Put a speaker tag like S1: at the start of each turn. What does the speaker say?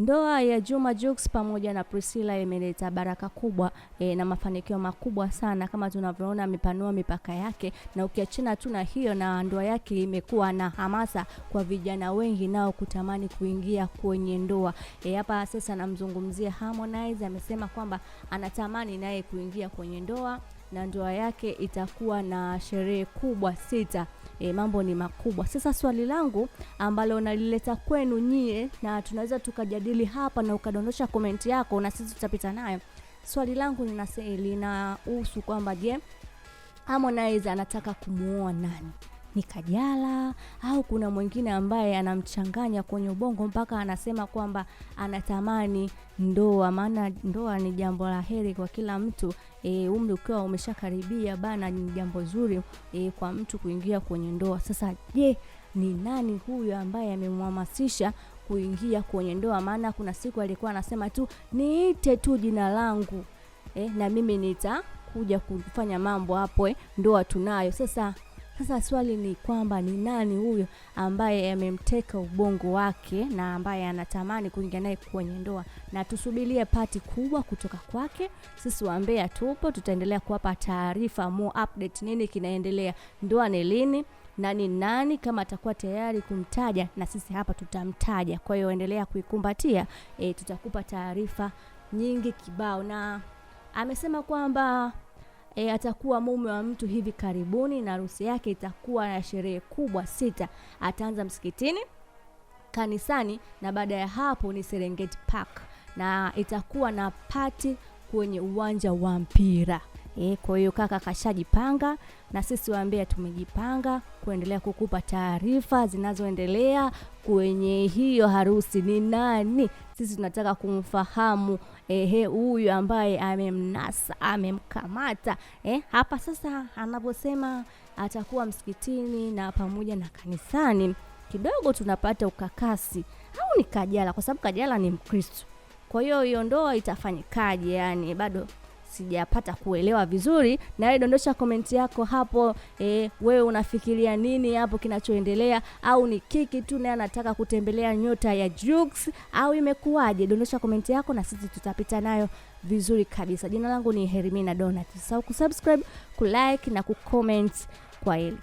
S1: Ndoa ya Juma Jux pamoja na Priscilla imeleta baraka kubwa e, na mafanikio makubwa sana kama tunavyoona, amepanua mipaka yake, na ukiachana tu na hiyo, na ndoa yake imekuwa na hamasa kwa vijana wengi nao kutamani kuingia kwenye ndoa eh, hapa. E, sasa namzungumzia Harmonize, amesema kwamba anatamani naye kuingia kwenye ndoa na ndoa yake itakuwa na sherehe kubwa sita. E, mambo ni makubwa. Sasa swali langu ambalo nalileta kwenu nyie, na tunaweza tukajadili hapa na ukadondosha komenti yako na sisi tutapita nayo. Swali langu linahusu kwamba je, Harmonize anataka kumuoa nani? ni Kajala au kuna mwingine ambaye anamchanganya kwenye ubongo mpaka anasema kwamba anatamani ndoa, maana ndoa ni jambo la heri kwa kila mtu. E, umri ukiwa umeshakaribia bana, ni jambo zuri e, kwa mtu kuingia kwenye ndoa. Sasa je, ni nani huyo ambaye amemhamasisha kuingia kwenye ndoa? Maana kuna siku alikuwa anasema tu niite tu jina langu e, na mimi nitakuja kufanya mambo hapo. E, ndoa tunayo sasa sasa swali ni kwamba ni nani huyo ambaye amemteka ubongo wake na ambaye anatamani kuingia naye kwenye ndoa, na tusubilie pati kubwa kutoka kwake. Sisi wa Mbeya tupo, tutaendelea kuwapa taarifa more update, nini kinaendelea, ndoa ni lini na ni nani kama atakuwa tayari kumtaja, na sisi hapa tutamtaja. Kwa hiyo endelea kuikumbatia e, tutakupa taarifa nyingi kibao, na amesema kwamba e, atakuwa mume wa mtu hivi karibuni, na harusi yake itakuwa na sherehe kubwa sita. Ataanza msikitini, kanisani, na baada ya hapo ni Serengeti Park, na itakuwa na pati kwenye uwanja wa mpira. E, kwa hiyo kaka kashajipanga na sisi wa Mbeya tumejipanga kuendelea kukupa taarifa zinazoendelea kwenye hiyo harusi. Ni nani sisi tunataka kumfahamu ehe, huyu ambaye amemnasa amemkamata eh, hapa sasa anaposema atakuwa msikitini na pamoja na kanisani, kidogo tunapata ukakasi au ni Kajala, kwa sababu Kajala ni Mkristo. Kwa hiyo hiyo ndoa itafanyikaje? Yani bado sijapata kuelewa vizuri. Nawe dondosha komenti yako hapo e, wewe unafikiria nini hapo kinachoendelea, au ni kiki tu naye anataka kutembelea nyota ya Jux au imekuwaje? Dondosha komenti yako na sisi tutapita nayo vizuri kabisa. Jina langu ni Hermina Donat usisahau kusubscribe, kulike na kucomment kwa hili.